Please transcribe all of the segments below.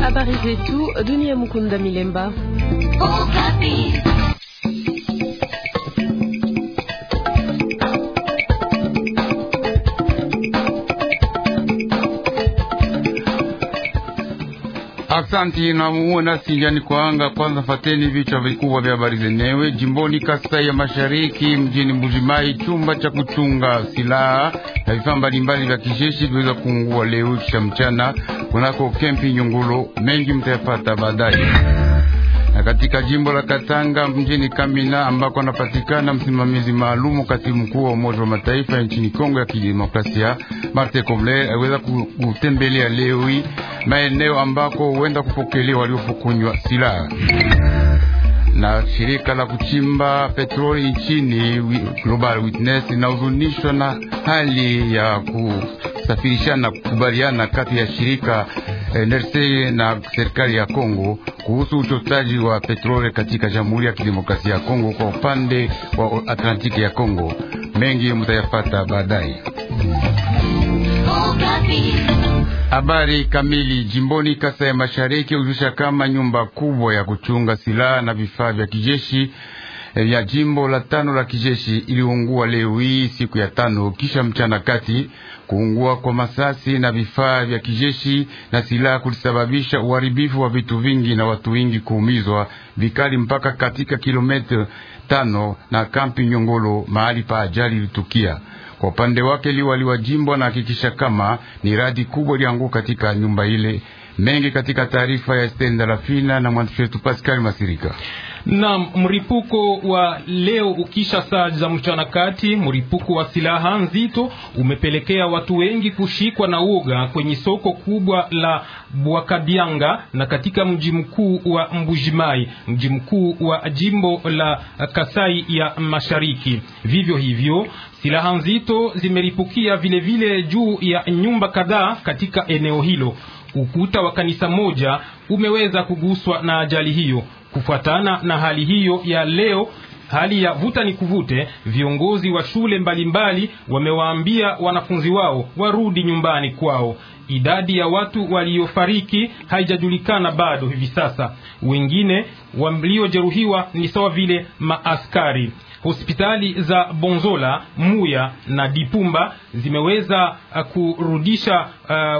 Habari zetu dunia, Mukunda Milemba, Okapi. Asanti na muwe nasi njani kwa anga. Kwanza fateni vichwa vikubwa vya habari zenyewe. Jimboni Kasai ya Mashariki, mjini Mbujimai, chumba cha kuchunga silaha na vifaa mbalimbali vya kijeshi viweza kuungua leo kisha mchana kunako kempi Nyungulo. Mengi mtayafata baadaye. Na katika jimbo la Katanga mjini Kamina ambako anapatikana msimamizi maalumu katibu mkuu wa Umoja wa Mataifa nchini Kongo ya Kidemokrasia Marte Kobler aweza kutembelea leo maeneo ambako huenda kupokelewa waliofukunywa silaha na shirika la kuchimba petroli nchini Global Witness linahuzunishwa na hali ya kusafirishana kukubaliana kati ya shirika eh, NRC na serikali ya Kongo kuhusu uchotaji wa petroli katika Jamhuri ya Kidemokrasia ya Kongo kwa upande wa Atlantiki ya Kongo. Mengi mutayafata baadaye. Oh, Habari kamili jimboni Kasa ya Mashariki hujusha kama nyumba kubwa ya kuchunga silaha na vifaa vya kijeshi vya eh, jimbo la tano la kijeshi iliungua leo hii siku ya tano kisha mchana kati. Kuungua kwa masasi na vifaa vya kijeshi na silaha kulisababisha uharibifu wa vitu vingi na watu wengi kuumizwa vikali mpaka katika kilomita tano na kampi Nyongolo mahali pa ajali ilitukia. Kwa upande wake, liwali wa jimbo anahakikisha kama ni radi kubwa ilianguka katika nyumba ile. Mengi katika taarifa ya Stendalafina na mwandishi wetu Pascal Masirika. Na mripuko wa leo ukisha saa za mchana kati, mripuko wa silaha nzito umepelekea watu wengi kushikwa na uoga kwenye soko kubwa la Bwakabianga na katika mji mkuu wa Mbujimai, mji mkuu wa jimbo la Kasai ya Mashariki. Vivyo hivyo silaha nzito zimeripukia vile vile juu ya nyumba kadhaa katika eneo hilo. Ukuta wa kanisa moja umeweza kuguswa na ajali hiyo. Kufuatana na hali hiyo ya leo hali ya vuta ni kuvute, viongozi wa shule mbalimbali wamewaambia wanafunzi wao warudi nyumbani kwao. Idadi ya watu waliofariki haijajulikana bado hivi sasa. Wengine waliojeruhiwa ni sawa vile maaskari. Hospitali za Bonzola, Muya na Dipumba zimeweza uh, kurudisha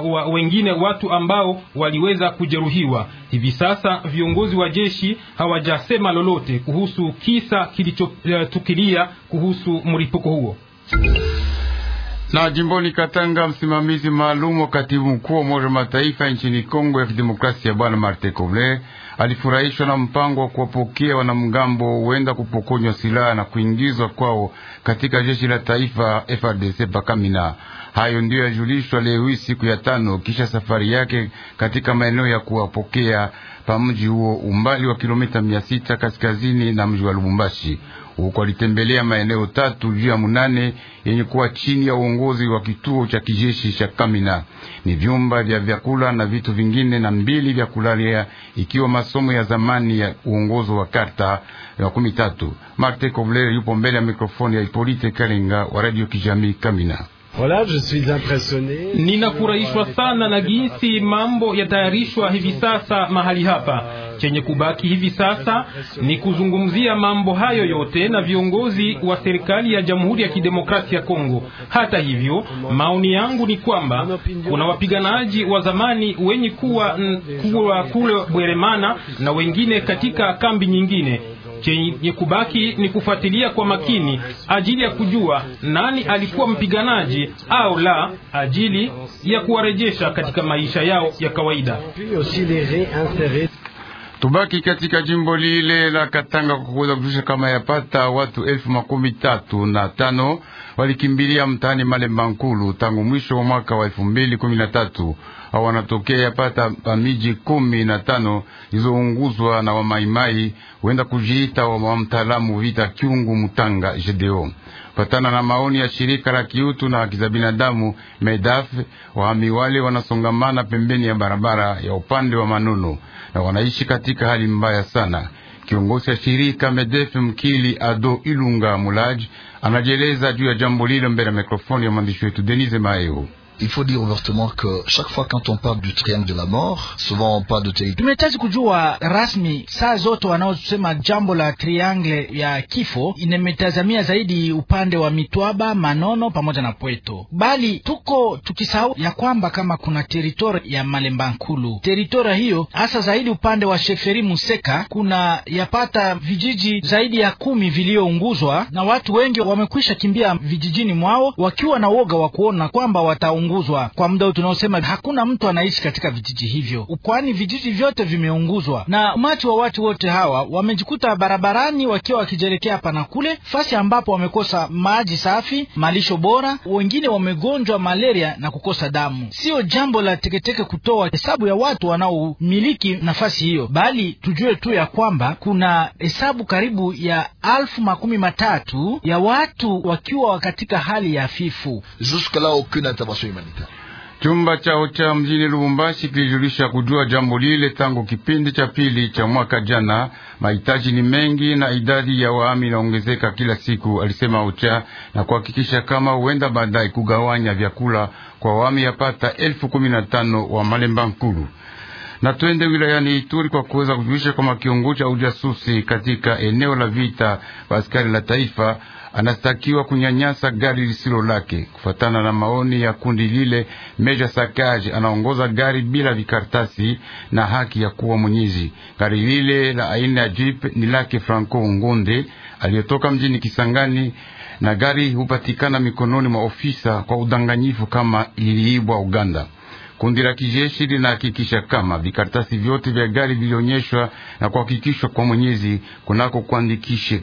uh, wengine watu ambao waliweza kujeruhiwa. Hivi sasa viongozi wa jeshi hawajasema lolote kuhusu kisa kilichotukilia uh, kuhusu mlipuko huo. Na jimboni Katanga, msimamizi maalum wa katibu mkuu wa Umoja wa Mataifa nchini Kongo ya Kidemokrasia Bwana Marte Kobler alifurahishwa na mpango wa kuwapokea wanamgambo huenda kupokonywa silaha na kuingizwa kwao katika jeshi la taifa FRDC bakamina Hayo ndiyo yajulishwa leo hii siku ya tano kisha safari yake katika maeneo ya kuwapokea pa mji huo umbali wa kilomita mia sita kaskazini na mji wa Lubumbashi huko alitembelea maeneo tatu juu ya munane yenye kuwa chini ya uongozi wa kituo cha kijeshi cha Kamina, ni vyumba vya vyakula na vitu vingine na mbili vya kulalia, ikiwa masomo ya zamani ya uongozi wa karta ya kumi tatu. Marte Kovler yupo mbele ya mikrofoni ya Ipolite Kalinga wa Radio Kijamii Kamina. Voilà, je suis impressionné. Ninafurahishwa sana na jinsi mambo yatayarishwa hivi sasa mahali hapa. Chenye kubaki hivi sasa ni kuzungumzia mambo hayo yote na viongozi wa serikali ya Jamhuri ya Kidemokrasia ya Kongo. Hata hivyo, maoni yangu ni kwamba kuna wapiganaji wa zamani wenye kuwa, kuwa kule Bweremana na wengine katika kambi nyingine chenye kubaki ni kufuatilia kwa makini ajili ya kujua nani alikuwa mpiganaji au la, ajili ya kuwarejesha katika maisha yao ya kawaida. Tubaki katika jimbo lile la Katanga kwa kuweza kama yapata watu elfu makumi tatu na tano walikimbilia mtaani Malemba Nkulu tangu mwisho wa mwaka wa elfu mbili kumi na tatu. wanatokea yapata pamiji kumi na tano izounguzwa na wamaimai wenda kujiita wa mtaalamu vita Kyungu Mutanga Jedeo patana na maoni ya shirika la kiutu na haki za binadamu MEDAF, wahami wale wanasongamana pembeni ya barabara ya upande wa Manunu na wanaishi katika hali mbaya sana. Kiongozi ya shirika Medef Mkili Ado Ilunga Mulaji anajieleza juu ya jambo lile mbele ya mikrofoni ya mwandishi wetu Denise Maeo. Il faut dire ouvertement que chaque fois quand on parle du triangle de la mort, souvent on parle de territoire. Tunahitaji kujua rasmi saa zote wanaosema jambo la triangle ya kifo inametazamia zaidi upande wa Mitwaba, Manono pamoja na Pweto, bali tuko tukisahau ya kwamba kama kuna teritori ya Malemba Nkulu, teritoria hiyo hasa zaidi upande wa Sheferi Museka, kuna yapata vijiji zaidi ya kumi viliyounguzwa na watu wengi wamekwisha kimbia vijijini mwao wakiwa na woga wa kuona kwamba wataungu vimeunguzwa kwa muda huu tunaosema, hakuna mtu anaishi katika vijiji hivyo, kwani vijiji vyote vimeunguzwa, na umati wa watu wote hawa wamejikuta barabarani wakiwa wakijelekea hapa na kule, fasi ambapo wamekosa maji safi, malisho bora, wengine wamegonjwa malaria na kukosa damu. Siyo jambo la teketeke kutoa hesabu ya watu wanaomiliki nafasi hiyo, bali tujue tu ya kwamba kuna hesabu karibu ya alfu makumi matatu ya watu wakiwa katika hali ya fifu Madita. Chumba chao cha mjini Lubumbashi kilijulisha kujua jambo lile tangu kipindi cha pili cha mwaka jana. Mahitaji ni mengi na idadi ya waami inaongezeka kila siku, alisema Ocha, na kuhakikisha kama huenda baadaye kugawanya vyakula kwa wahami yapata elfu kumi na tano wa Malemba Nkulu na twende wilayani Ituri kwa kuweza kujulisha kama kiongozi cha ujasusi katika eneo la vita wa askari la taifa anastakiwa kunyanyasa gari lisilo lake. Kufatana na maoni ya kundi lile, Meja Sakaji anaongoza gari bila vikartasi na haki ya kuwa mwenyezi Gari lile la aina ya jeep ni lake Franco Ngonde aliyotoka mjini Kisangani, na gari hupatikana mikononi mwa ofisa kwa udanganyifu kama iliibwa Uganda. Kundi la kijeshi linahakikisha kama vikaratasi vyote vya gari vilionyeshwa na kuhakikishwa kwa mwenyezi kunako kuandikishe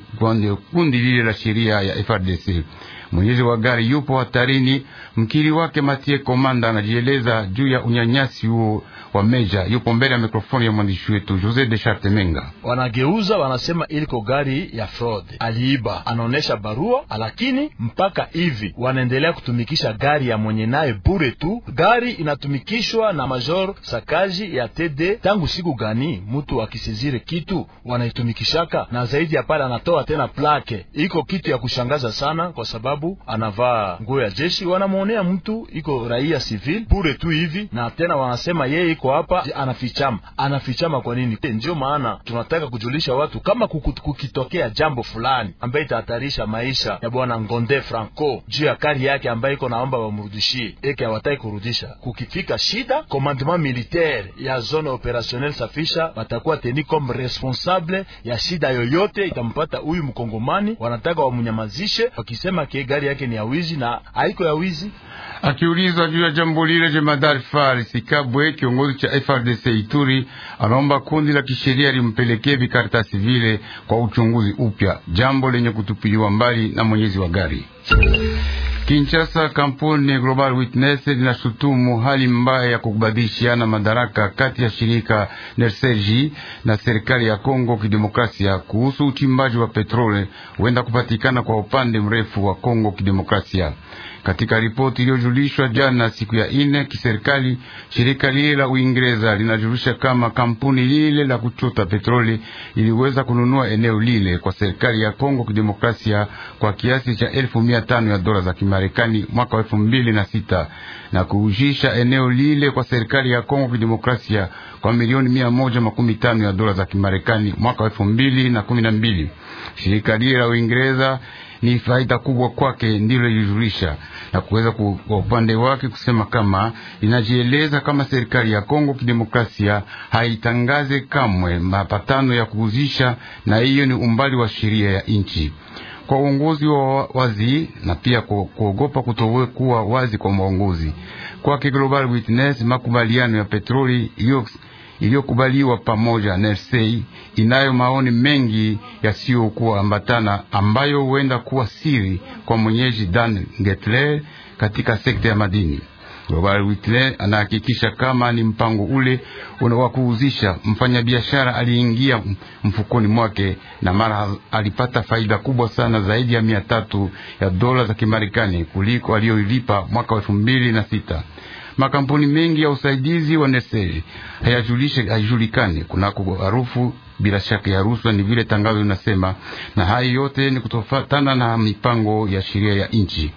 kundi lile la sheria ya FRDC mwenyezi wa gari yupo hatarini. Mkili wake Matie Komanda anajieleza juu ya unyanyasi huo wa Meja, yupo mbele ya mikrofoni ya mwandishi wetu Jose de Charte Menga. Wanageuza wanasema iliko gari ya fraud aliiba, anaonesha barua, lakini mpaka hivi wanaendelea kutumikisha gari ya mwenye naye bure tu. Gari inatumikishwa na Major Sakaji ya TD tangu siku gani? Mtu akisizire kitu wanaitumikishaka, na zaidi ya pale anatoa tena plake. Iko kitu ya kushangaza sana kwa sababu sababu anavaa nguo ya jeshi, wanamwonea mtu iko raia civil bure tu hivi, na tena wanasema yeye iko hapa anafichama. Anafichama kwa nini? Ndiyo maana tunataka kujulisha watu kama kukitokea jambo fulani ambaye itahatarisha maisha ya bwana Ngonde Franco juu ya kari yake ambaye iko, naomba wamrudishie eke, hawataki kurudisha. Kukifika shida, commandement militaire ya zone opérationnelle safisha watakuwa teni comme responsable ya shida yoyote itampata huyu mkongomani, wanataka wamnyamazishe wakisema ke gari yake ni ya wizi na haiko ya wizi. Akiulizwa juu ya jambo lile, jemadari Faris Kabwe, kiongozi cha FRDC Ituri, anaomba kundi la kisheria limpelekee vikaratasi vile kwa uchunguzi upya, jambo lenye kutupiliwa mbali na mwenyezi wa gari. Kinshasa, kampuni Global Witness linashutumu hali mbaya ya kubadilishana madaraka kati ya shirika Nerseji na serikali ya Kongo Kidemokrasia kuhusu uchimbaji wa petrole huenda kupatikana kwa upande mrefu wa Kongo Kidemokrasia. Katika ripoti iliyojulishwa jana siku ya ine kiserikali, shirika lile la Uingereza linajulisha kama kampuni lile la kuchota petroli iliweza kununua eneo lile kwa serikali ya Kongo Kidemokrasia kwa kiasi cha elfu mia tano ya dola za Kimarekani mwaka elfu mbili na sita na kuujisha eneo lile kwa serikali ya Kongo Kidemokrasia kwa milioni mia moja makumi tano ya dola za Kimarekani mwaka elfu mbili na kumi na mbili. Shirika lile la Uingereza ni faida kubwa kwake, ndilo lilijulisha na kuweza kwa upande wake kusema kama inajieleza kama serikali ya Kongo Kidemokrasia haitangaze kamwe mapatano ya kuhuzisha na hiyo ni umbali wa sheria ya nchi kwa uongozi wa wazi na pia kuogopa kutowe kuwa wazi kwa uongozi kwake. Global Witness makubaliano ya petroli hiyo iliyokubaliwa pamoja na FCI inayo maoni mengi yasiyokuwa ambatana ambayo huenda kuwa siri kwa mwenyeji Dan Getler katika sekta ya madini. Global Witler anahakikisha kama ni mpango ule wa kuuzisha, mfanyabiashara aliingia mfukoni mwake na mara alipata faida kubwa sana zaidi ya mia tatu ya dola za Kimarekani kuliko aliyoilipa mwaka wa elfu mbili na sita makampuni mengi ya usaidizi wa hayajulishe hayajulikane kunako harufu bila shaka ya rushwa, ni vile tangazo linasema, na hayo yote ni kutofatana na mipango ya sheria ya nchi.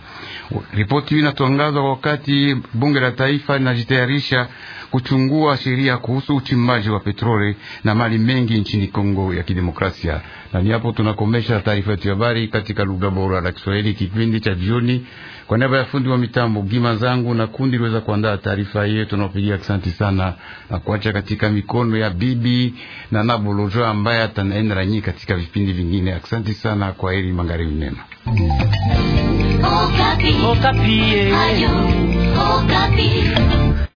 Ripoti hii inatangazwa wakati bunge la taifa linajitayarisha kuchungua sheria kuhusu uchimbaji wa petroli na mali mengi nchini Kongo ya Kidemokrasia. Na ni hapo tunakomesha taarifa yetu ya habari katika lugha bora la Kiswahili, kipindi cha jioni. Kwa niaba ya fundi wa mitambo Gima zangu na kundi liweza kuandaa taarifa hiyo, tunawapigia asante sana na kuacha katika mikono ya bibi na Nabolojo ambaye atanaenda ranyi katika vipindi vingine. Asante sana, kwa heri, magharibi mema. Okapi. Okapi. Eh. Okapi.